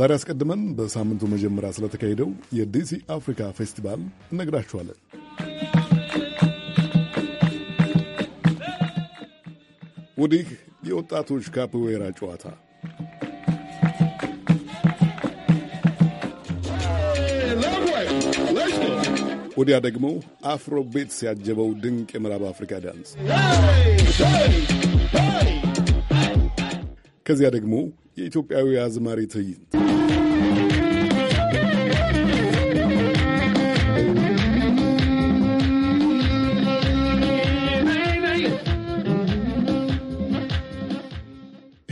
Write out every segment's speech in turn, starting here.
ዛሬ አስቀድመን በሳምንቱ መጀመሪያ ስለተካሄደው የዲሲ አፍሪካ ፌስቲቫል እነግራችኋለን። ወዲህ የወጣቶች ካፕዌራ ጨዋታ ወዲያ ደግሞ አፍሮ ቤት ሲያጀበው ድንቅ የምዕራብ አፍሪካ ዳንስ፣ ከዚያ ደግሞ የኢትዮጵያዊ አዝማሪ ትዕይንት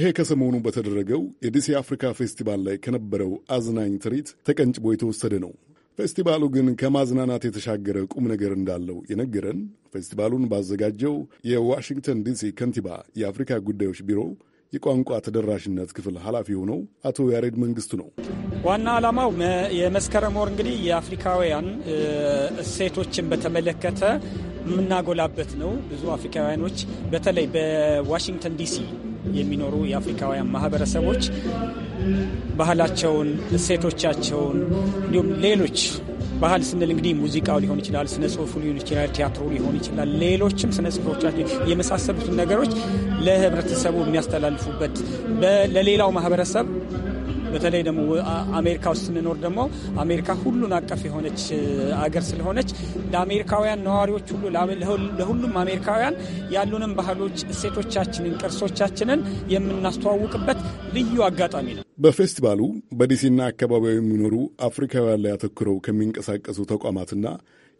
ይሄ ከሰሞኑ በተደረገው የዲሲ አፍሪካ ፌስቲቫል ላይ ከነበረው አዝናኝ ትርኢት ተቀንጭቦ የተወሰደ ነው። ፌስቲቫሉ ግን ከማዝናናት የተሻገረ ቁም ነገር እንዳለው የነገረን ፌስቲቫሉን ባዘጋጀው የዋሽንግተን ዲሲ ከንቲባ የአፍሪካ ጉዳዮች ቢሮ የቋንቋ ተደራሽነት ክፍል ኃላፊ የሆነው አቶ ያሬድ መንግስቱ ነው። ዋና ዓላማው የመስከረም ወር እንግዲህ የአፍሪካውያን እሴቶችን በተመለከተ የምናጎላበት ነው። ብዙ አፍሪካውያኖች በተለይ በዋሽንግተን ዲሲ የሚኖሩ የአፍሪካውያን ማህበረሰቦች ባህላቸውን፣ እሴቶቻቸውን እንዲሁም ሌሎች ባህል ስንል እንግዲህ ሙዚቃው ሊሆን ይችላል፣ ስነ ጽሁፉ ሊሆን ይችላል፣ ቲያትሩ ሊሆን ይችላል፣ ሌሎችም ስነ ጽሁፎቻችን የመሳሰሉትን ነገሮች ለህብረተሰቡ የሚያስተላልፉበት ለሌላው ማህበረሰብ በተለይ ደግሞ አሜሪካ ውስጥ ስንኖር ደግሞ አሜሪካ ሁሉን አቀፍ የሆነች አገር ስለሆነች ለአሜሪካውያን ነዋሪዎች ሁሉ ለሁሉም አሜሪካውያን ያሉንም ባህሎች፣ እሴቶቻችንን፣ ቅርሶቻችንን የምናስተዋውቅበት ልዩ አጋጣሚ ነው። በፌስቲቫሉ በዲሲና አካባቢው የሚኖሩ አፍሪካውያን ላይ አተኩረው ከሚንቀሳቀሱ ተቋማትና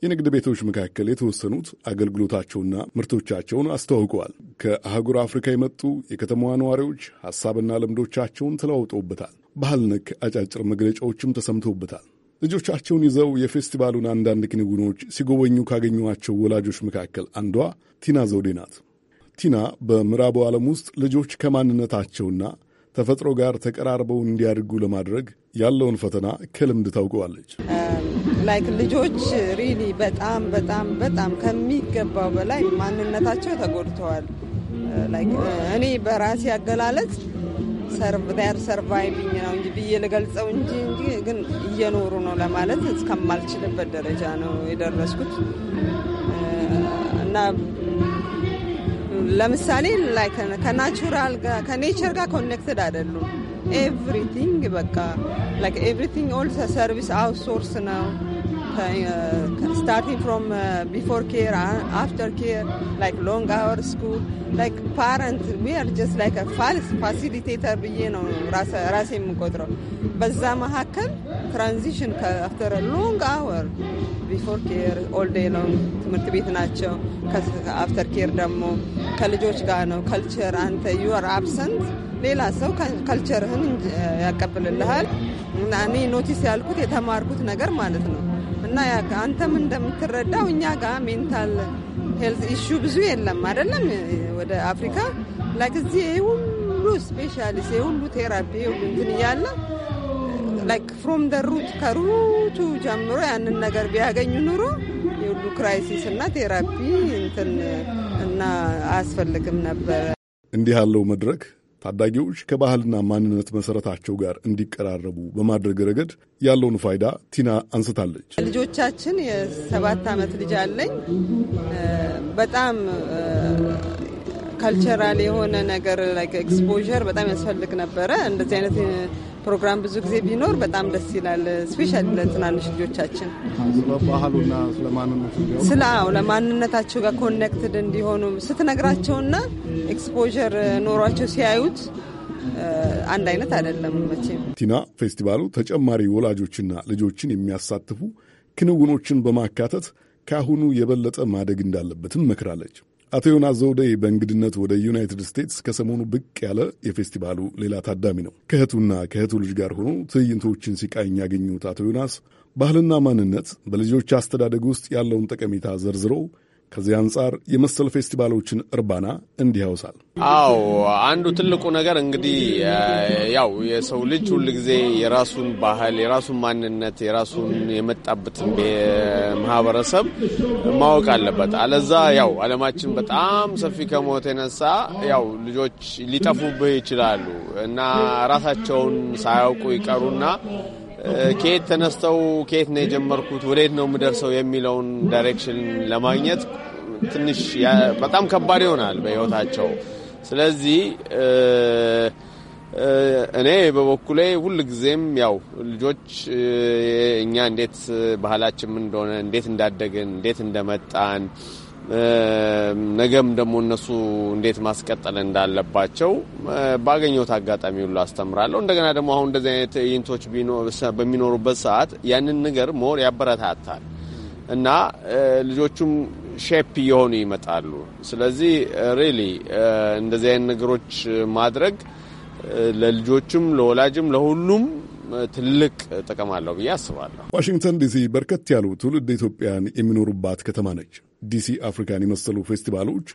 የንግድ ቤቶች መካከል የተወሰኑት አገልግሎታቸውና ምርቶቻቸውን አስተዋውቀዋል። ከአህጉር አፍሪካ የመጡ የከተማዋ ነዋሪዎች ሀሳብና ልምዶቻቸውን ተለዋውጠውበታል። ባህል ነክ አጫጭር መግለጫዎችም ተሰምተውበታል። ልጆቻቸውን ይዘው የፌስቲቫሉን አንዳንድ ክንውኖች ሲጎበኙ ካገኟቸው ወላጆች መካከል አንዷ ቲና ዘውዴ ናት። ቲና በምዕራቡ ዓለም ውስጥ ልጆች ከማንነታቸውና ተፈጥሮ ጋር ተቀራርበው እንዲያድጉ ለማድረግ ያለውን ፈተና ከልምድ ታውቀዋለች። ላይክ um, ልጆች ሪሊ በጣም በጣም በጣም ከሚገባው በላይ ማንነታቸው ተጎድተዋል። uh, uh, እኔ በራሴ አገላለጽ ሰርቭር ሰርቫይቪንግ ነው እንጂ ብዬ ልገልጸው እንጂ እንጂ ግን እየኖሩ ነው ለማለት እስከማልችልበት ደረጃ ነው የደረስኩት እና ለምሳሌ ላይ ከናቹራል ጋር ከኔቸር ጋር ኮኔክትድ አይደሉም። ኤቭሪቲንግ በቃ ኤቭሪቲንግ ኦል ሰርቪስ አውትሶርስ ነው። Uh, starting from uh, before care, uh, after care, like long hours school, like parent, we are just like a facilitator ብዬ ነው ራሴ የምቆጥረው። በዛ መካከል ትራንዚሽን አፍተር ሎንግ አወር ቢፎር ኬር ኦል ዴይ ሎንግ ትምህርት ቤት ናቸው። አፍተር ኬር ደግሞ ከልጆች ጋር ነው። ከልቸር አንተ ዩ አር አብሰንት ሌላ ሰው ከልቸርህን ያቀብልልሃል። እና እኔ ኖቲስ ያልኩት የተማርኩት ነገር ማለት ነው እና አንተም እንደምትረዳው እኛ ጋር ሜንታል ሄልት ኢሹ ብዙ የለም አይደለም። ወደ አፍሪካ ላይክ እዚህ የሁሉ ስፔሻሊስት የሁሉ ቴራፒ የሁሉ እንትን እያለ ላይክ ፍሮም ደ ሩት ከሩቱ ጀምሮ ያንን ነገር ቢያገኙ ኑሮ የሁሉ ክራይሲስ እና ቴራፒ እንትን እና አያስፈልግም ነበረ። እንዲህ ያለው መድረክ ታዳጊዎች ከባህልና ማንነት መሰረታቸው ጋር እንዲቀራረቡ በማድረግ ረገድ ያለውን ፋይዳ ቲና አንስታለች። ልጆቻችን የሰባት ዓመት ልጅ አለኝ። በጣም ካልቸራል የሆነ ነገር ኤክስፖር ኤክስፖዠር በጣም ያስፈልግ ነበረ። እንደዚህ አይነት uh, ፕሮግራም ብዙ ጊዜ ቢኖር በጣም ደስ ይላል። ስፔሻል ለትናንሽ ልጆቻችን ስለባህሉና ስለ አዎ ለማንነታቸው ጋር ኮኔክትድ እንዲሆኑ ስትነግራቸውና ኤክስፖዠር ኖሯቸው ሲያዩት uh, አንድ አይነት አይደለም መቼም። ቲና ፌስቲቫሉ ተጨማሪ ወላጆችና ልጆችን የሚያሳትፉ ክንውኖችን በማካተት ከአሁኑ የበለጠ ማደግ እንዳለበትም መክራለች። አቶ ዮናስ ዘውዴ በእንግድነት ወደ ዩናይትድ ስቴትስ ከሰሞኑ ብቅ ያለ የፌስቲቫሉ ሌላ ታዳሚ ነው። ከእህቱና ከእህቱ ልጅ ጋር ሆኖ ትዕይንቶችን ሲቃኝ ያገኙት አቶ ዮናስ ባህልና ማንነት በልጆች አስተዳደግ ውስጥ ያለውን ጠቀሜታ ዘርዝረው ከዚህ አንጻር የመሰል ፌስቲቫሎችን እርባና እንዲህ ያውሳል። አዎ አንዱ ትልቁ ነገር እንግዲህ ያው የሰው ልጅ ሁል ጊዜ የራሱን ባህል፣ የራሱን ማንነት፣ የራሱን የመጣበትን ማህበረሰብ ማወቅ አለበት። አለዛ ያው አለማችን በጣም ሰፊ ከመሆት የተነሳ ያው ልጆች ሊጠፉብህ ይችላሉ እና ራሳቸውን ሳያውቁ ይቀሩና ከየት ተነስተው ከየት ነው የጀመርኩት፣ ወዴት ነው የምደርሰው የሚለውን ዳይሬክሽን ለማግኘት ትንሽ በጣም ከባድ ይሆናል በህይወታቸው። ስለዚህ እኔ በበኩሌ ሁል ጊዜም ያው ልጆች እኛ እንዴት ባህላችን ምን እንደሆነ እንዴት እንዳደግን እንዴት እንደመጣን ነገም ደግሞ እነሱ እንዴት ማስቀጠል እንዳለባቸው ባገኘሁት አጋጣሚ ሁሉ አስተምራለሁ። እንደገና ደግሞ አሁን እንደዚህ አይነት ትዕይንቶች በሚኖሩበት ሰዓት ያንን ነገር ሞር ያበረታታል እና ልጆቹም ሼፕ እየሆኑ ይመጣሉ። ስለዚህ ሪሊ እንደዚህ አይነት ነገሮች ማድረግ ለልጆችም ለወላጅም ለሁሉም ትልቅ ጥቅም አለው ብዬ አስባለሁ። ዋሽንግተን ዲሲ በርከት ያሉ ትውልድ ኢትዮጵያን የሚኖሩባት ከተማ ነች። ዲሲ አፍሪካን የመሰሉ ፌስቲቫሎች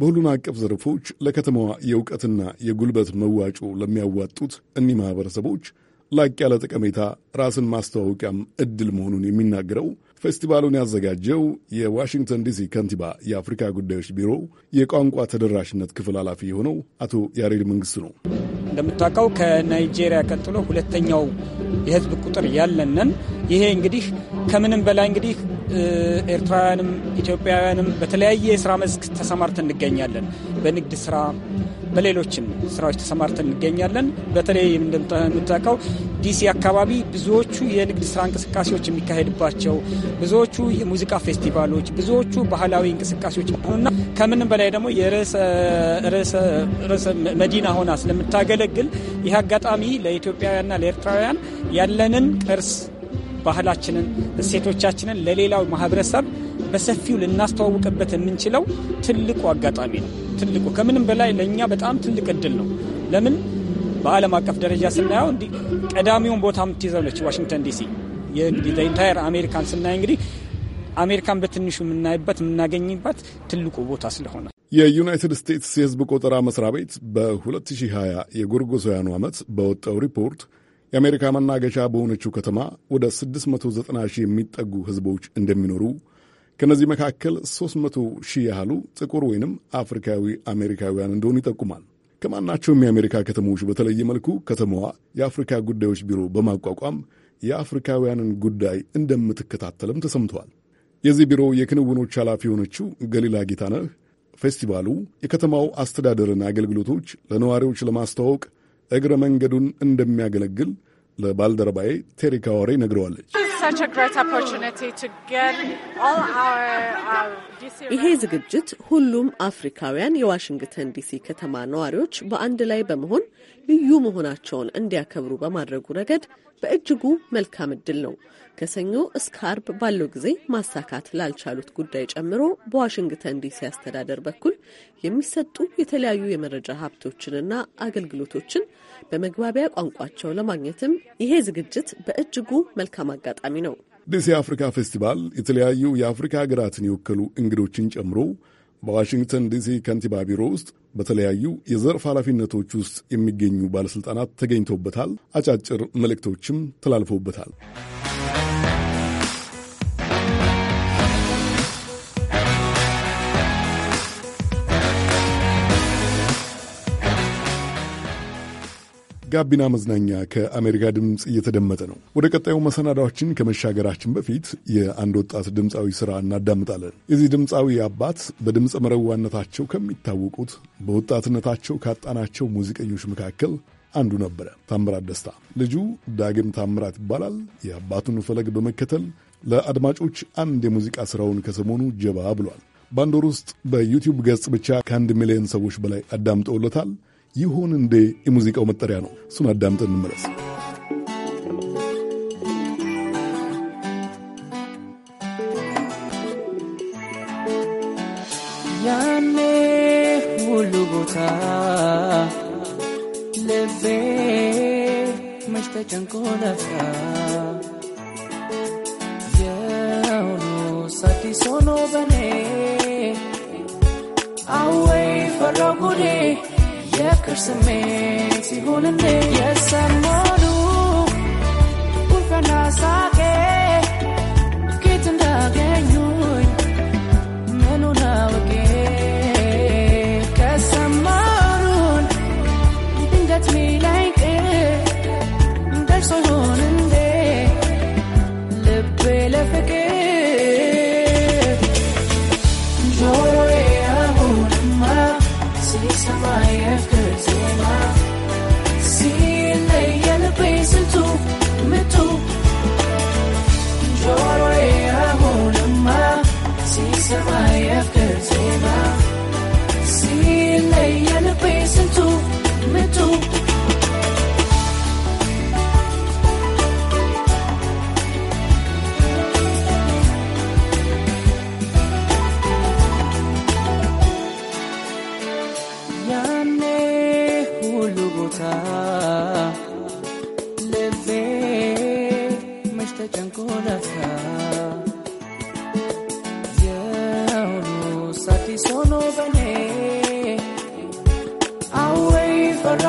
በሁሉን አቀፍ ዘርፎች ለከተማዋ የእውቀትና የጉልበት መዋጮ ለሚያዋጡት እኒህ ማኅበረሰቦች ላቅ ያለ ጠቀሜታ፣ ራስን ማስተዋወቂያም እድል መሆኑን የሚናገረው ፌስቲቫሉን ያዘጋጀው የዋሽንግተን ዲሲ ከንቲባ የአፍሪካ ጉዳዮች ቢሮ የቋንቋ ተደራሽነት ክፍል ኃላፊ የሆነው አቶ ያሬድ መንግስት ነው። እንደምታውቀው ከናይጄሪያ ቀጥሎ ሁለተኛው የህዝብ ቁጥር ያለንን ይሄ እንግዲህ ከምንም በላይ እንግዲህ ኤርትራውያንም ኢትዮጵያውያንም በተለያየ የስራ መስክ ተሰማርተን እንገኛለን። በንግድ ስራ፣ በሌሎችም ስራዎች ተሰማርተን እንገኛለን። በተለይ እንደምታውቀው ዲሲ አካባቢ ብዙዎቹ የንግድ ስራ እንቅስቃሴዎች የሚካሄድባቸው ብዙዎቹ የሙዚቃ ፌስቲቫሎች፣ ብዙዎቹ ባህላዊ እንቅስቃሴዎች ሆኑና ከምንም በላይ ደግሞ የርዕሰ መዲና ሆና ስለምታገለግል ይህ አጋጣሚ ለኢትዮጵያውያንና ለኤርትራውያን ያለንን ቅርስ ባህላችንን፣ እሴቶቻችንን ለሌላው ማህበረሰብ በሰፊው ልናስተዋውቅበት የምንችለው ትልቁ አጋጣሚ ነው። ትልቁ ከምንም በላይ ለእኛ በጣም ትልቅ እድል ነው። ለምን በዓለም አቀፍ ደረጃ ስናየው እንዲ ቀዳሚውን ቦታ ነች ዋሽንግተን ዲሲ ኢንታየር አሜሪካን ስናይ እንግዲህ አሜሪካን በትንሹ የምናይበት የምናገኝበት ትልቁ ቦታ ስለሆነ የዩናይትድ ስቴትስ የህዝብ ቆጠራ መስሪያ ቤት በ2020 የጎርጎሳውያኑ ዓመት በወጣው ሪፖርት የአሜሪካ መናገሻ በሆነችው ከተማ ወደ 690 ሺህ የሚጠጉ ህዝቦች እንደሚኖሩ ከእነዚህ መካከል 300 ሺህ ያህሉ ጥቁር ወይንም አፍሪካዊ አሜሪካውያን እንደሆኑ ይጠቁማል። ከማናቸውም የአሜሪካ ከተሞች በተለየ መልኩ ከተማዋ የአፍሪካ ጉዳዮች ቢሮ በማቋቋም የአፍሪካውያንን ጉዳይ እንደምትከታተልም ተሰምተዋል። የዚህ ቢሮ የክንውኖች ኃላፊ የሆነችው ገሊላ ጌታነህ ፌስቲቫሉ የከተማው አስተዳደርን አገልግሎቶች ለነዋሪዎች ለማስተዋወቅ እግረ መንገዱን እንደሚያገለግል ለባልደረባዬ ቴሪካ ወሬ ነግረዋለች። Uh, ይሄ ዝግጅት ሁሉም አፍሪካውያን የዋሽንግተን ዲሲ ከተማ ነዋሪዎች በአንድ ላይ በመሆን ልዩ መሆናቸውን እንዲያከብሩ በማድረጉ ረገድ በእጅጉ መልካም እድል ነው። ከሰኞ እስከ አርብ ባለው ጊዜ ማሳካት ላልቻሉት ጉዳይ ጨምሮ በዋሽንግተን ዲሲ አስተዳደር በኩል የሚሰጡ የተለያዩ የመረጃ ሀብቶችንና አገልግሎቶችን በመግባቢያ ቋንቋቸው ለማግኘትም ይሄ ዝግጅት በእጅጉ መልካም አጋጣሚ አጋጣሚ ነው። አዲስ የአፍሪካ ፌስቲቫል የተለያዩ የአፍሪካ ሀገራትን የወከሉ እንግዶችን ጨምሮ በዋሽንግተን ዲሲ ከንቲባ ቢሮ ውስጥ በተለያዩ የዘርፍ ኃላፊነቶች ውስጥ የሚገኙ ባለሥልጣናት ተገኝተውበታል። አጫጭር መልእክቶችም ተላልፈውበታል። ጋቢና መዝናኛ ከአሜሪካ ድምፅ እየተደመጠ ነው። ወደ ቀጣዩ መሰናዳዎችን ከመሻገራችን በፊት የአንድ ወጣት ድምፃዊ ስራ እናዳምጣለን። የዚህ ድምፃዊ አባት በድምፅ መረዋነታቸው ከሚታወቁት በወጣትነታቸው ካጣናቸው ሙዚቀኞች መካከል አንዱ ነበረ። ታምራት ደስታ ልጁ ዳግም ታምራት ይባላል። የአባቱን ፈለግ በመከተል ለአድማጮች አንድ የሙዚቃ ስራውን ከሰሞኑ ጀባ ብሏል። በአንድ ወር ውስጥ በዩቲዩብ ገጽ ብቻ ከአንድ ሚሊዮን ሰዎች በላይ አዳምጠውለታል። ይሁን እንዴ የሙዚቃው መጠሪያ ነው። እሱን አዳምጠን እንመለስ። ያኔ ሁሉ ቦታ ልቤ መች ተጨንቆ አዲስ ሆኖ በኔ አወይ ፈራጉዴ Yes, I'm ልቤ መች ተጨንቆ ለካ የሁሉስ ሆኖ በኔ አወይ ፈራ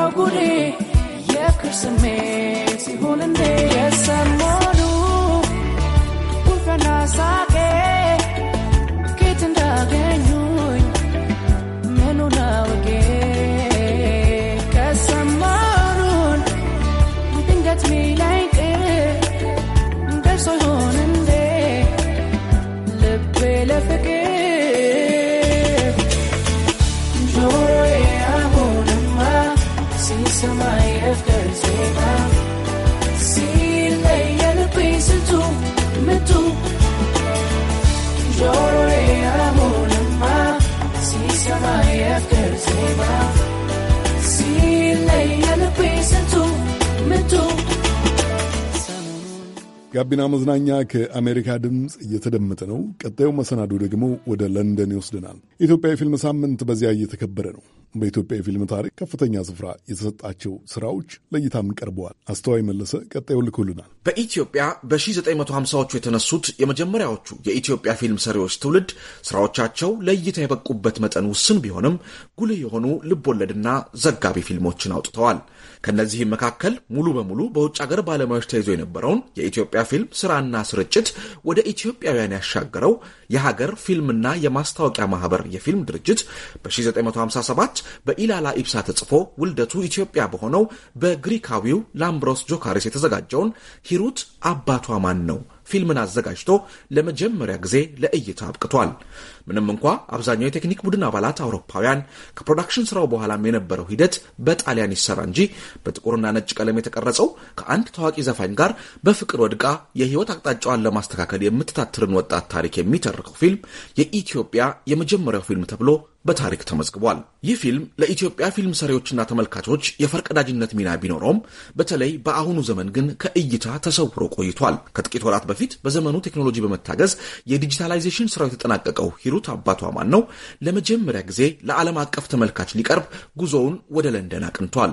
ጋቢና መዝናኛ ከአሜሪካ ድምፅ እየተደመጠ ነው። ቀጣዩ መሰናዶ ደግሞ ወደ ለንደን ይወስደናል። የኢትዮጵያ የፊልም ሳምንት በዚያ እየተከበረ ነው። በኢትዮጵያ የፊልም ታሪክ ከፍተኛ ስፍራ የተሰጣቸው ስራዎች ለእይታም ቀርበዋል። አስተዋይ መለሰ ቀጣዩ ልኮልናል። በኢትዮጵያ በ1950ዎቹ የተነሱት የመጀመሪያዎቹ የኢትዮጵያ ፊልም ሰሪዎች ትውልድ ስራዎቻቸው ለእይታ የበቁበት መጠን ውስን ቢሆንም ጉልህ የሆኑ ልቦለድና ዘጋቢ ፊልሞችን አውጥተዋል። ከእነዚህም መካከል ሙሉ በሙሉ በውጭ ሀገር ባለሙያዎች ተይዞ የነበረውን የኢትዮጵያ ፊልም ስራና ስርጭት ወደ ኢትዮጵያውያን ያሻገረው የሀገር ፊልምና የማስታወቂያ ማህበር የፊልም ድርጅት በ1957 በኢላላ ኢብሳ ተጽፎ ውልደቱ ኢትዮጵያ በሆነው በግሪካዊው ላምብሮስ ጆካሪስ የተዘጋጀውን ሂሩት አባቷ ማን ነው ፊልምን አዘጋጅቶ ለመጀመሪያ ጊዜ ለእይታ አብቅቷል። ምንም እንኳ አብዛኛው የቴክኒክ ቡድን አባላት አውሮፓውያን፣ ከፕሮዳክሽን ስራው በኋላም የነበረው ሂደት በጣሊያን ይሰራ እንጂ በጥቁርና ነጭ ቀለም የተቀረጸው ከአንድ ታዋቂ ዘፋኝ ጋር በፍቅር ወድቃ የህይወት አቅጣጫዋን ለማስተካከል የምትታትርን ወጣት ታሪክ የሚተርከው ፊልም የኢትዮጵያ የመጀመሪያው ፊልም ተብሎ በታሪክ ተመዝግቧል። ይህ ፊልም ለኢትዮጵያ ፊልም ሰሪዎችና ተመልካቾች የፈርቀዳጅነት ሚና ቢኖረውም በተለይ በአሁኑ ዘመን ግን ከእይታ ተሰውሮ ቆይቷል። ከጥቂት ወራት በፊት በዘመኑ ቴክኖሎጂ በመታገዝ የዲጂታላይዜሽን ስራው የተጠናቀቀው ሂሩት አባቷ ማን ነው ለመጀመሪያ ጊዜ ለዓለም አቀፍ ተመልካች ሊቀርብ ጉዞውን ወደ ለንደን አቅንቷል።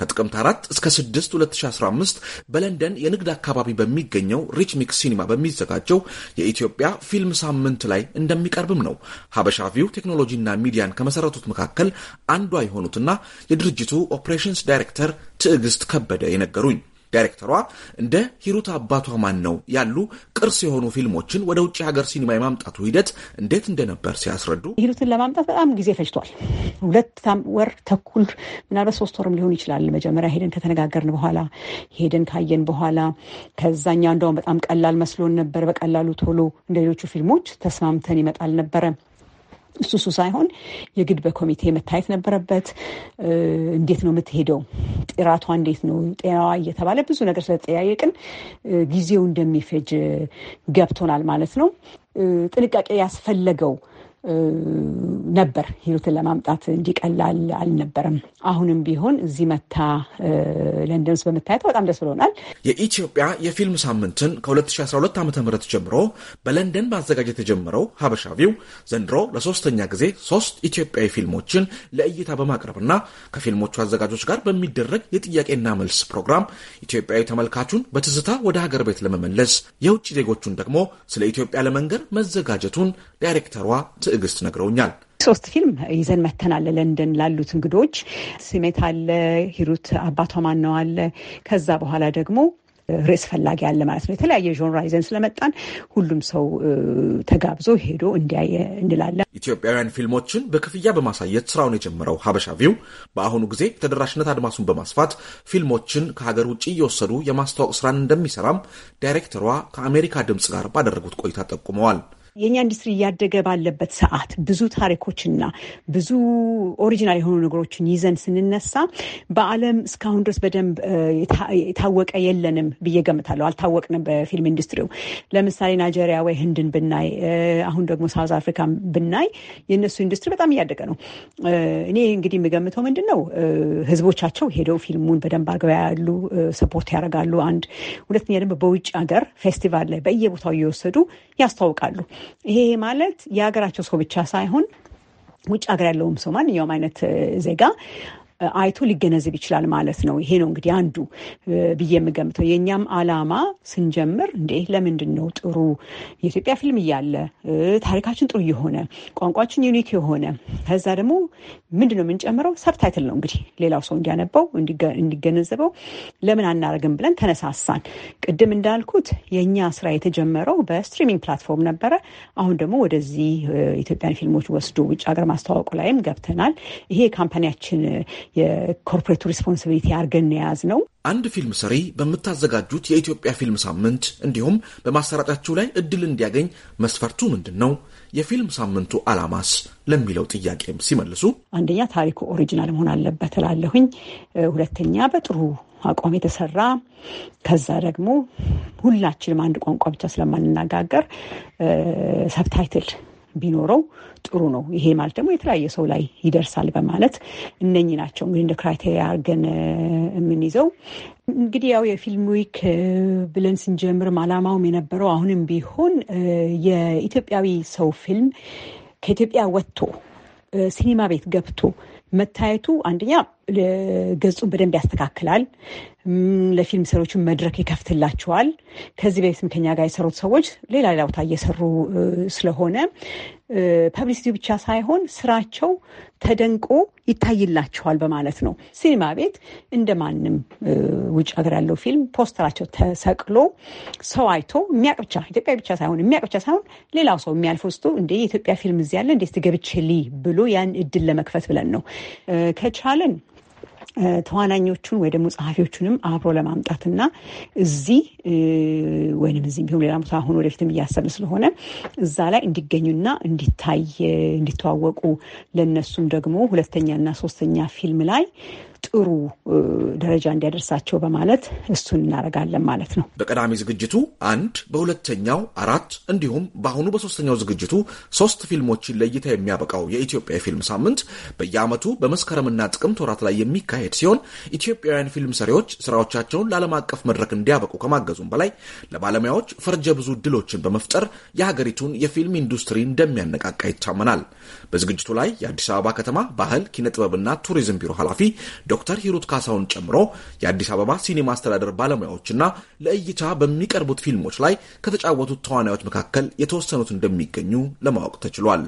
ከጥቅምት 4 እስከ 6 2015 በለንደን የንግድ አካባቢ በሚገኘው ሪች ሚክስ ሲኒማ በሚዘጋጀው የኢትዮጵያ ፊልም ሳምንት ላይ እንደሚቀርብም ነው ሀበሻ ቪው ቴክኖሎጂና ሚዲያን ከመሰረቱት መካከል አንዷ የሆኑትና የድርጅቱ ኦፕሬሽንስ ዳይሬክተር ትዕግስት ከበደ የነገሩኝ። ዳይሬክተሯ እንደ ሂሩት አባቷ ማን ነው ያሉ ቅርስ የሆኑ ፊልሞችን ወደ ውጭ ሀገር ሲኒማ የማምጣቱ ሂደት እንዴት እንደነበር ሲያስረዱ ሂሩትን ለማምጣት በጣም ጊዜ ፈጅቷል። ሁለት ወር ተኩል ምናልባት ሶስት ወርም ሊሆን ይችላል። መጀመሪያ ሄደን ከተነጋገርን በኋላ ሄደን ካየን በኋላ ከዛኛ እንደውም በጣም ቀላል መስሎን ነበር። በቀላሉ ቶሎ እንደ ሌሎቹ ፊልሞች ተስማምተን ይመጣል ነበረ እሱሱ ሳይሆን የግድ በኮሚቴ መታየት ነበረበት። እንዴት ነው የምትሄደው፣ ጥራቷ እንዴት ነው፣ ጤናዋ እየተባለ ብዙ ነገር ስለተጠያየቅን ጊዜው እንደሚፈጅ ገብቶናል ማለት ነው። ጥንቃቄ ያስፈለገው ነበር ሂሩትን ለማምጣት እንዲቀላል አልነበረም። አሁንም ቢሆን እዚህ መታ ለንደን ውስጥ በመታየቷ በጣም ደስ ብሎናል። የኢትዮጵያ የፊልም ሳምንትን ከ2012 ዓ ም ጀምሮ በለንደን ማዘጋጀት የተጀመረው ሀበሻቪው ዘንድሮ ለሶስተኛ ጊዜ ሶስት ኢትዮጵያዊ ፊልሞችን ለእይታ በማቅረብና ከፊልሞቹ አዘጋጆች ጋር በሚደረግ የጥያቄና መልስ ፕሮግራም ኢትዮጵያዊ ተመልካቹን በትዝታ ወደ ሀገር ቤት ለመመለስ የውጭ ዜጎቹን ደግሞ ስለ ኢትዮጵያ ለመንገር መዘጋጀቱን ዳይሬክተሯ ትዕግስት ነግረውኛል። ሶስት ፊልም ይዘን መተናል። ለንደን ላሉት እንግዶች ስሜት አለ፣ ሂሩት አባቷ ነው አለ፣ ከዛ በኋላ ደግሞ ርዕስ ፈላጊ አለ ማለት ነው። የተለያየ ዦንራ ይዘን ስለመጣን ሁሉም ሰው ተጋብዞ ሄዶ እንዲያየ እንላለን። ኢትዮጵያውያን ፊልሞችን በክፍያ በማሳየት ስራውን የጀመረው ሀበሻ ቪው በአሁኑ ጊዜ ተደራሽነት አድማሱን በማስፋት ፊልሞችን ከሀገር ውጭ እየወሰዱ የማስታወቅ ስራን እንደሚሰራም ዳይሬክተሯ ከአሜሪካ ድምፅ ጋር ባደረጉት ቆይታ ጠቁመዋል። የእኛ ኢንዱስትሪ እያደገ ባለበት ሰዓት ብዙ ታሪኮችና ብዙ ኦሪጂናል የሆኑ ነገሮችን ይዘን ስንነሳ በዓለም እስካሁን ድረስ በደንብ የታወቀ የለንም ብዬ ገምታለሁ። አልታወቅንም በፊልም ኢንዱስትሪው። ለምሳሌ ናይጄሪያ ወይ ህንድን ብናይ፣ አሁን ደግሞ ሳውዝ አፍሪካ ብናይ የእነሱ ኢንዱስትሪ በጣም እያደገ ነው። እኔ እንግዲህ የምገምተው ምንድን ነው ህዝቦቻቸው ሄደው ፊልሙን በደንብ አገባ ያሉ ሰፖርት ያደርጋሉ። አንድ ሁለተኛ ደግሞ በውጭ ሀገር ፌስቲቫል ላይ በየቦታው እየወሰዱ ያስተዋውቃሉ። ይሄ ማለት የሀገራቸው ሰው ብቻ ሳይሆን ውጭ ሀገር ያለውም ሰው ማንኛውም አይነት ዜጋ አይቶ ሊገነዘብ ይችላል ማለት ነው። ይሄ ነው እንግዲህ አንዱ ብዬ የምገምተው የእኛም አላማ ስንጀምር እንዴ ለምንድን ነው ጥሩ የኢትዮጵያ ፊልም እያለ ታሪካችን ጥሩ የሆነ ቋንቋችን ዩኒክ የሆነ ከዛ ደግሞ ምንድን ነው የምንጨምረው ሰብታይትል ነው እንግዲህ ሌላው ሰው እንዲያነባው እንዲገነዘበው ለምን አናረግም ብለን ተነሳሳን። ቅድም እንዳልኩት የእኛ ስራ የተጀመረው በስትሪሚንግ ፕላትፎርም ነበረ። አሁን ደግሞ ወደዚህ ኢትዮጵያን ፊልሞች ወስዶ ውጭ ሀገር ማስተዋወቁ ላይም ገብተናል። ይሄ ካምፓኒያችን የኮርፖሬቱ ሪስፖንሲቢሊቲ አድርገን የያዝ ነው። አንድ ፊልም ሰሪ በምታዘጋጁት የኢትዮጵያ ፊልም ሳምንት እንዲሁም በማሰራጫቸው ላይ እድል እንዲያገኝ መስፈርቱ ምንድን ነው? የፊልም ሳምንቱ አላማስ ለሚለው ጥያቄም ሲመልሱ አንደኛ ታሪኩ ኦሪጂናል መሆን አለበት እላለሁኝ። ሁለተኛ በጥሩ አቋም የተሰራ ከዛ ደግሞ ሁላችንም አንድ ቋንቋ ብቻ ስለማንነጋገር ሰብታይትል ቢኖረው ጥሩ ነው። ይሄ ማለት ደግሞ የተለያየ ሰው ላይ ይደርሳል በማለት እነኚህ ናቸው እንግዲህ እንደ ክራይቴሪያ አድርገን የምንይዘው። እንግዲህ ያው የፊልም ዊክ ብለን ስንጀምርም አላማውም የነበረው አሁንም ቢሆን የኢትዮጵያዊ ሰው ፊልም ከኢትዮጵያ ወጥቶ ሲኒማ ቤት ገብቶ መታየቱ አንደኛ ገጹን በደንብ ያስተካክላል። ለፊልም ሰሪዎቹ መድረክ ይከፍትላቸዋል። ከዚህ በፊትም ከኛ ጋር የሰሩት ሰዎች ሌላ ሌላ ቦታ እየሰሩ ስለሆነ ፐብሊሲቲ ብቻ ሳይሆን ስራቸው ተደንቆ ይታይላቸዋል በማለት ነው። ሲኒማ ቤት እንደ ማንም ውጭ ሀገር ያለው ፊልም ፖስተራቸው ተሰቅሎ ሰው አይቶ የሚያቅ ብቻ ኢትዮጵያ ብቻ ሳይሆን የሚያቅ ብቻ ሳይሆን ሌላው ሰው የሚያልፍ ውስጡ እንደ የኢትዮጵያ ፊልም እዚህ ያለ እንዴት ገብቼ ብሎ ያን እድል ለመክፈት ብለን ነው ከቻለን ተዋናኞቹን ወይ ደግሞ ጸሐፊዎቹንም አብሮ ለማምጣትና እዚህ ወይም እዚህ ቢሆን ሌላ ቦታ አሁን ወደፊትም እያሰብን ስለሆነ እዛ ላይ እንዲገኙና እንዲታይ እንዲተዋወቁ ለነሱም ደግሞ ሁለተኛና ሶስተኛ ፊልም ላይ ጥሩ ደረጃ እንዲያደርሳቸው በማለት እሱን እናደርጋለን ማለት ነው። በቀዳሚ ዝግጅቱ አንድ፣ በሁለተኛው አራት እንዲሁም በአሁኑ በሶስተኛው ዝግጅቱ ሶስት ፊልሞችን ለእይታ የሚያበቃው የኢትዮጵያ የፊልም ሳምንት በየዓመቱ በመስከረምና ጥቅምት ወራት ላይ የሚካሄድ ሲሆን ኢትዮጵያውያን ፊልም ሰሪዎች ስራዎቻቸውን ለዓለም አቀፍ መድረክ እንዲያበቁ ከማገዙም በላይ ለባለሙያዎች ፈርጀ ብዙ እድሎችን በመፍጠር የሀገሪቱን የፊልም ኢንዱስትሪ እንደሚያነቃቃ ይታመናል። በዝግጅቱ ላይ የአዲስ አበባ ከተማ ባህል ኪነጥበብና ቱሪዝም ቢሮ ኃላፊ ዶክተር ሂሩት ካሳውን ጨምሮ የአዲስ አበባ ሲኒማ አስተዳደር ባለሙያዎችና ለእይታ በሚቀርቡት ፊልሞች ላይ ከተጫወቱት ተዋናዮች መካከል የተወሰኑት እንደሚገኙ ለማወቅ ተችሏል።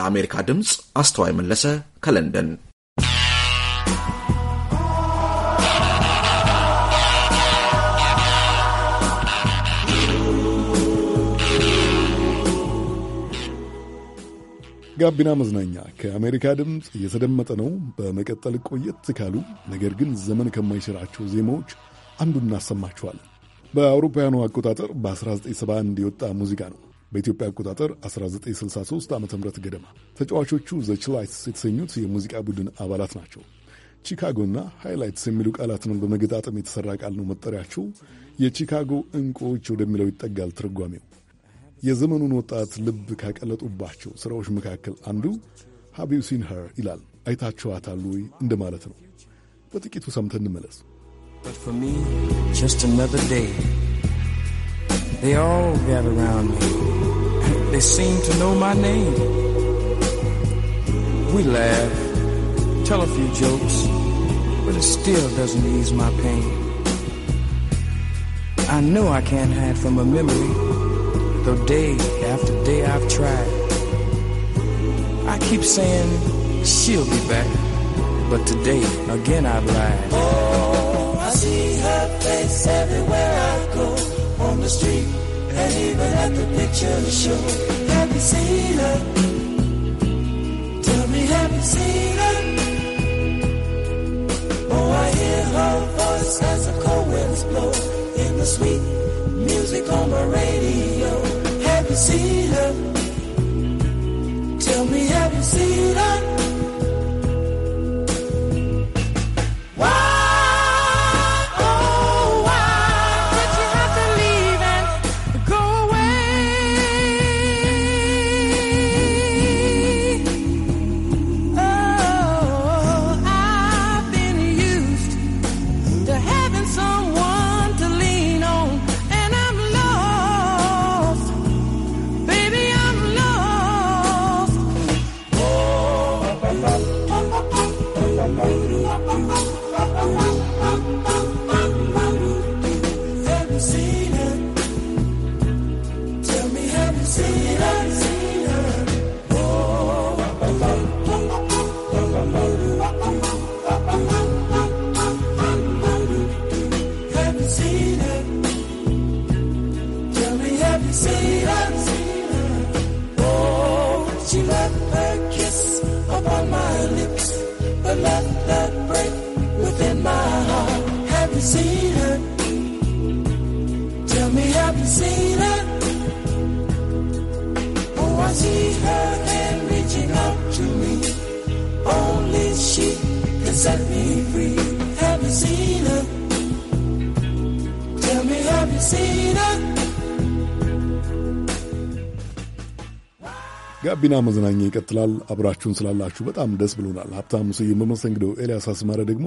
ለአሜሪካ ድምፅ አስተዋይ መለሰ ከለንደን ጋቢና መዝናኛ ከአሜሪካ ድምፅ እየተደመጠ ነው። በመቀጠል ቆየት ካሉ ነገር ግን ዘመን ከማይሽራቸው ዜማዎች አንዱ እናሰማችኋለን። በአውሮፓውያኑ አቆጣጠር በ1971 የወጣ ሙዚቃ ነው። በኢትዮጵያ አቆጣጠር 1963 ዓ ም ገደማ ተጫዋቾቹ ዘ ችላይትስ የተሰኙት የሙዚቃ ቡድን አባላት ናቸው። ቺካጎና ሃይላይትስ የሚሉ ቃላትን በመገጣጠም የተሠራ ቃል ነው መጠሪያቸው። የቺካጎ እንቁዎች ወደሚለው ይጠጋል ትርጓሜው። የዘመኑን ወጣት ልብ ካቀለጡባቸው ሥራዎች መካከል አንዱ ሃቢው ሲን ኸር ይላል። አይታችኋታል ወይ እንደማለት ነው። በጥቂቱ ሰምተን እንመለስ። I know I can't hide from a memory Though day after day I've tried. I keep saying she'll be back, but today again I've lied. Oh, I see her face everywhere I go, on the street and even at the picture show. Have you seen her? Tell me, have you seen her? Oh, I hear her voice as the cold winds blow in the sweet music on my radio. Sí. seen Tell me, have you seen it? Oh, she left her kiss upon my lips, that within my heart. Have you seen Tell me, have you seen Oh, I see her hand reaching out to me. Only she can set me free. Have you seen ጋቢና መዝናኛ ይቀጥላል። አብራችሁን ስላላችሁ በጣም ደስ ብሎናል። ሀብታሙ ስዩም በመስተንግዶ፣ ኤልያስ አስማረ ደግሞ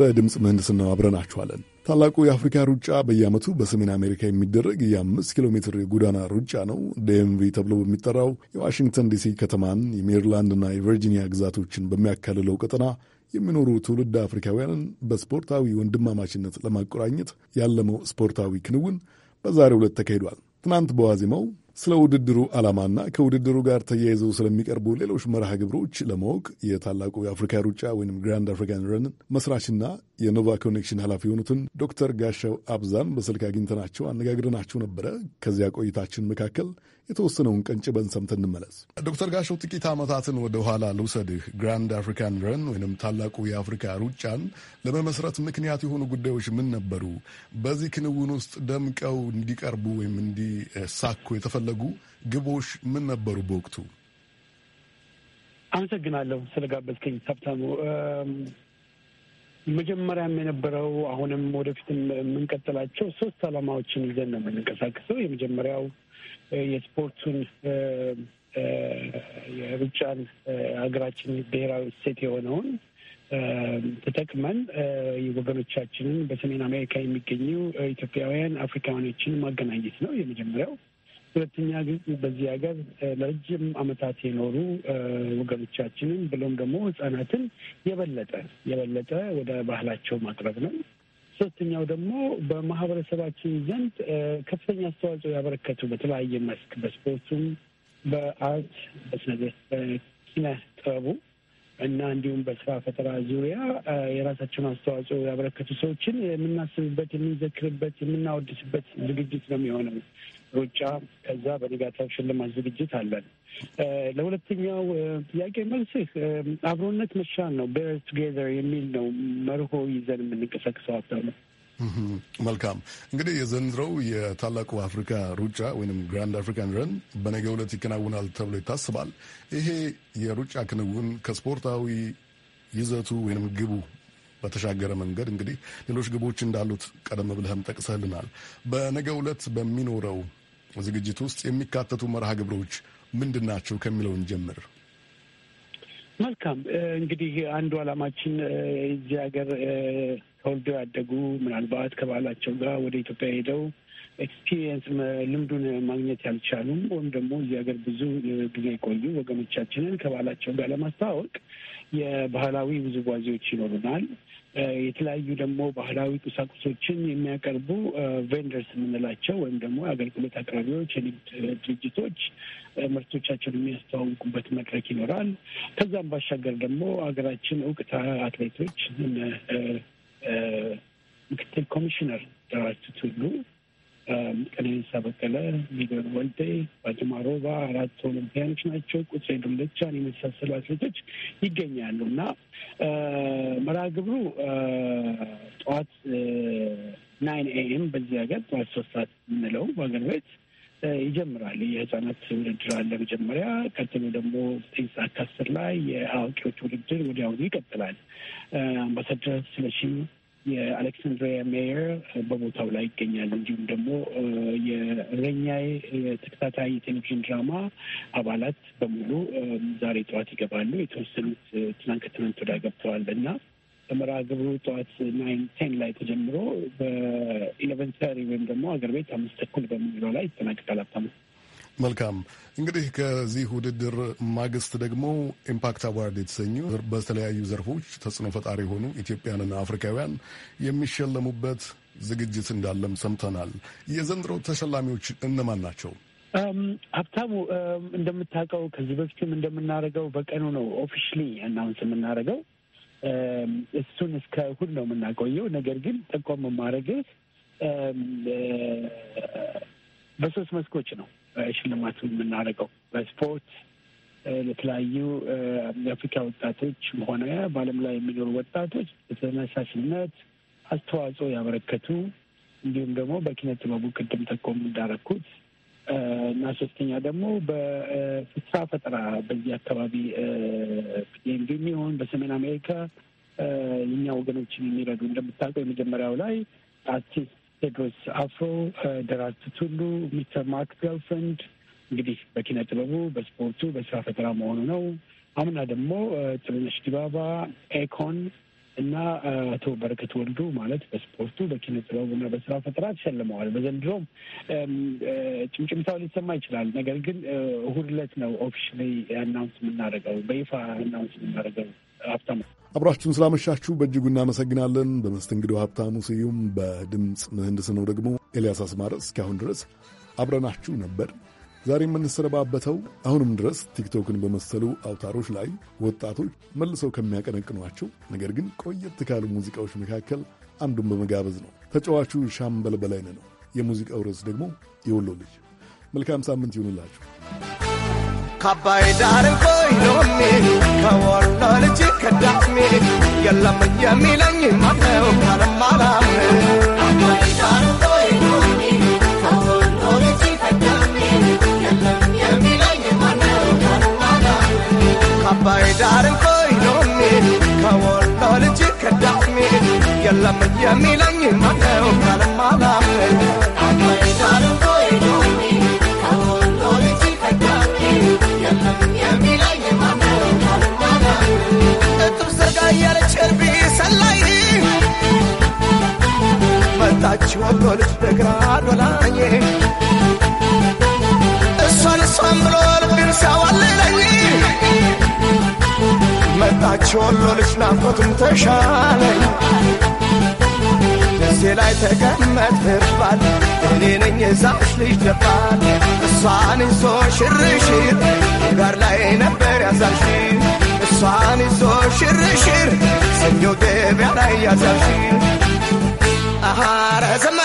በድምፅ ምህንድስና አብረናችኋለን። ታላቁ የአፍሪካ ሩጫ በየዓመቱ በሰሜን አሜሪካ የሚደረግ የአምስት ኪሎ ሜትር የጎዳና ሩጫ ነው። ዲኤምቪ ተብሎ በሚጠራው የዋሽንግተን ዲሲ ከተማን የሜሪላንድና የቨርጂኒያ ግዛቶችን በሚያካልለው ቀጠና የሚኖሩ ትውልድ አፍሪካውያንን በስፖርታዊ ወንድማማችነት ለማቆራኘት ያለመው ስፖርታዊ ክንውን በዛሬው ዕለት ተካሂዷል። ትናንት በዋዜማው ስለ ውድድሩ ዓላማና ከውድድሩ ጋር ተያይዘው ስለሚቀርቡ ሌሎች መርሃ ግብሮች ለማወቅ የታላቁ የአፍሪካ ሩጫ ወይም ግራንድ አፍሪካን ረንን መስራችና የኖቫ ኮኔክሽን ኃላፊ የሆኑትን ዶክተር ጋሻው አብዛን በስልክ አግኝተናቸው አነጋግረናቸው ነበረ። ከዚያ ቆይታችን መካከል የተወሰነውን ቀንጭበን ሰምተን እንመለስ። ዶክተር ጋሻው ጥቂት ዓመታትን ወደ ኋላ ልውሰድህ። ግራንድ አፍሪካን ረን ወይም ታላቁ የአፍሪካ ሩጫን ለመመስረት ምክንያት የሆኑ ጉዳዮች ምን ነበሩ? በዚህ ክንውን ውስጥ ደምቀው እንዲቀርቡ ወይም እንዲሳኩ የተፈለ የተፈለጉ ግቦች ምን ነበሩ በወቅቱ? አመሰግናለሁ ስለጋበዝከኝ ሀብታሙ። መጀመሪያም የነበረው አሁንም ወደፊትም የምንቀጥላቸው ሶስት አላማዎችን ይዘን ነው የምንንቀሳቀሰው። የመጀመሪያው የስፖርቱን የሩጫን ሀገራችን ብሔራዊ እሴት የሆነውን ተጠቅመን ወገኖቻችንን በሰሜን አሜሪካ የሚገኙ ኢትዮጵያውያን አፍሪካውያኖችን ማገናኘት ነው የመጀመሪያው። ሁለተኛ ግን በዚህ ሀገር ለረጅም ዓመታት የኖሩ ወገኖቻችንን ብሎም ደግሞ ህጻናትን የበለጠ የበለጠ ወደ ባህላቸው ማቅረብ ነው። ሶስተኛው ደግሞ በማህበረሰባችን ዘንድ ከፍተኛ አስተዋጽኦ ያበረከቱ በተለያየ መስክ በስፖርቱም፣ በአርት፣ በኪነ ጥበቡ እና እንዲሁም በስራ ፈጠራ ዙሪያ የራሳቸውን አስተዋጽኦ ያበረከቱ ሰዎችን የምናስብበት፣ የምንዘክርበት፣ የምናወድስበት ዝግጅት ነው የሚሆነው። ሩጫ፣ ከዛ በንጋታ ሽልማት ዝግጅት አለን። ለሁለተኛው ጥያቄ መልስህ አብሮነት መሻል ነው፣ ቤር ቱጌዘር የሚል ነው መርሆ ይዘን የምንንቀሳቀሰው ሀብታሙ። መልካም እንግዲህ የዘንድሮው የታላቁ አፍሪካ ሩጫ ወይም ግራንድ አፍሪካን ረን በነገ ዕለት ይከናውናል ተብሎ ይታስባል። ይሄ የሩጫ ክንውን ከስፖርታዊ ይዘቱ ወይም ግቡ በተሻገረ መንገድ እንግዲህ ሌሎች ግቦች እንዳሉት ቀደም ብለህም ጠቅሰህልናል። በነገ ዕለት በሚኖረው ዝግጅት ውስጥ የሚካተቱ መርሃ ግብሮች ምንድን ናቸው ከሚለውን ጀምር። መልካም እንግዲህ አንዱ ዓላማችን እዚህ ሀገር ተወልደው ያደጉ ምናልባት ከባህላቸው ጋር ወደ ኢትዮጵያ ሄደው ኤክስፒሪየንስ ልምዱን ማግኘት ያልቻሉም ወይም ደግሞ እዚህ ሀገር ብዙ ጊዜ የቆዩ ወገኖቻችንን ከባህላቸው ጋር ለማስተዋወቅ የባህላዊ ውዝዋዜዎች ይኖሩናል። የተለያዩ ደግሞ ባህላዊ ቁሳቁሶችን የሚያቀርቡ ቬንደርስ የምንላቸው ወይም ደግሞ የአገልግሎት አቅራቢዎች፣ የንግድ ድርጅቶች ምርቶቻቸውን የሚያስተዋውቁበት መድረክ ይኖራል። ከዛም ባሻገር ደግሞ ሀገራችን እውቅታ አትሌቶች ምክትል ኮሚሽነር ደራርቱ ቱሉ ቀነኒሳ በቀለ፣ ሚገር ወልዴ፣ ፋቲማ ሮባ አራት ኦሎምፒያኖች ናቸው። ቁጥሬ ዱለቻን የመሳሰሉ አትሌቶች ይገኛሉ እና uh, መርሃ ግብሩ uh, ጠዋት ናይን uh, ኤኤም በዚህ ሀገር ጠዋት ሶስት ሰዓት የምንለው በሀገር ቤት ይጀምራል። የህጻናት ውድድር አለ መጀመሪያ። ቀጥሎ ደግሞ ዘጠኝ ሰዓት ከአስር ላይ የአዋቂዎች ውድድር ወዲያውኑ ይቀጥላል። አምባሳደር ስለሺ የአሌክሳንድሪያ ሜየር በቦታው ላይ ይገኛል። እንዲሁም ደግሞ የእረኛዬ የተከታታይ የቴሌቪዥን ድራማ አባላት በሙሉ ዛሬ ጠዋት ይገባሉ። የተወሰኑት ትናንት ከትናንት ወዲያ ገብተዋል እና በመርሃ ግብሩ ጠዋት ናይን ቴን ላይ ተጀምሮ በኢሌቨን ሰሪ ወይም ደግሞ አገር ቤት አምስት ተኩል በምንለው ላይ ይጠናቀቃል። አምስት መልካም እንግዲህ ከዚህ ውድድር ማግስት ደግሞ ኢምፓክት አዋርድ የተሰኙ በተለያዩ ዘርፎች ተጽዕኖ ፈጣሪ የሆኑ ኢትዮጵያንና አፍሪካውያን የሚሸለሙበት ዝግጅት እንዳለም ሰምተናል። የዘንድሮ ተሸላሚዎች እነማን ናቸው? ሀብታሙ፣ እንደምታውቀው ከዚህ በፊትም እንደምናደርገው በቀኑ ነው ኦፊሽሊ አናውንስ የምናደርገው። እሱን እስከ እሁድ ነው የምናቆየው። ነገር ግን ጠቆም ማድረግ በሶስት መስኮች ነው ሽልማት የምናደርገው በስፖርት ለተለያዩ የአፍሪካ ወጣቶች ሆነ በዓለም ላይ የሚኖሩ ወጣቶች በተነሳሽነት አስተዋጽኦ ያበረከቱ እንዲሁም ደግሞ በኪነ ጥበቡ ቅድም ጠቆም እንዳረኩት እና ሶስተኛ ደግሞ በስራ ፈጠራ በዚህ አካባቢ ፒኤምቢ የሚሆን በሰሜን አሜሪካ የኛ ወገኖችን የሚረዱ እንደምታውቀው የመጀመሪያው ላይ አርቲስት ቴድሮስ አፍሮ፣ ደራርቱ ቱሉ፣ ሚስተር ማርክ ገልፍንድ እንግዲህ በኪነ ጥበቡ፣ በስፖርቱ፣ በስራ ፈጠራ መሆኑ ነው። አምና ደግሞ ጥሩነሽ ዲባባ፣ ኤኮን እና አቶ በረከት ወልዱ ማለት በስፖርቱ በኪነ ጥበቡ እና በስራ ፈጠራ ተሸልመዋል። በዘንድሮም ጭምጭምታው ሊሰማ ይችላል። ነገር ግን እሁድ ዕለት ነው ኦፊሻሊ አናውንስ የምናደርገው በይፋ አናውንስ የምናደርገው ሀብታሙ አብራችሁን ስላመሻችሁ በእጅጉ እናመሰግናለን። በመስተንግዶ ሀብታሙ ስዩም፣ በድምፅ ምህንድስ ነው ደግሞ ኤልያስ አስማረ። እስካሁን ድረስ አብረናችሁ ነበር። ዛሬ የምንሰነባበተው አሁንም ድረስ ቲክቶክን በመሰሉ አውታሮች ላይ ወጣቶች መልሰው ከሚያቀነቅኗቸው ነገር ግን ቆየት ካሉ ሙዚቃዎች መካከል አንዱን በመጋበዝ ነው። ተጫዋቹ ሻምበል በላይነህ ነው። የሙዚቃው ርዕስ ደግሞ የወሎ ልጅ። መልካም ሳምንት ይሁንላችሁ። ከአባይ ዳር ኮይኖሜ ከወሎ ልጅ ከዳሜ የለም የሚለኝ ማነው ካለማላምን አባይ ልጅ ከዳሜ የለም የሚለኝ ማነው ከአባይ ዳር ኮይኖሜ ከወሎ ልጅ ከዳሜ የለም የሚለኝ ማነው ካለማላምን ጨርቢ ሰላይ መጣች ወሎ ልጅ ደግራ ዶላኝ እሷን እሷን ብሎ ልብን ሲያዋልለኝ መጣች ወሎ ልጅ ናፍቆቱም ተሻለኝ እሴ ላይ ተቀመጥ ብባል እኔ ነኝ ልጅ ደባል እሷን ይዞ ሽርሽር ጋር ላይ ነበር ያዛልሽ እሷን ይዞ ሽርሽር ሰኞ ገበያ ላይ ያሳሽር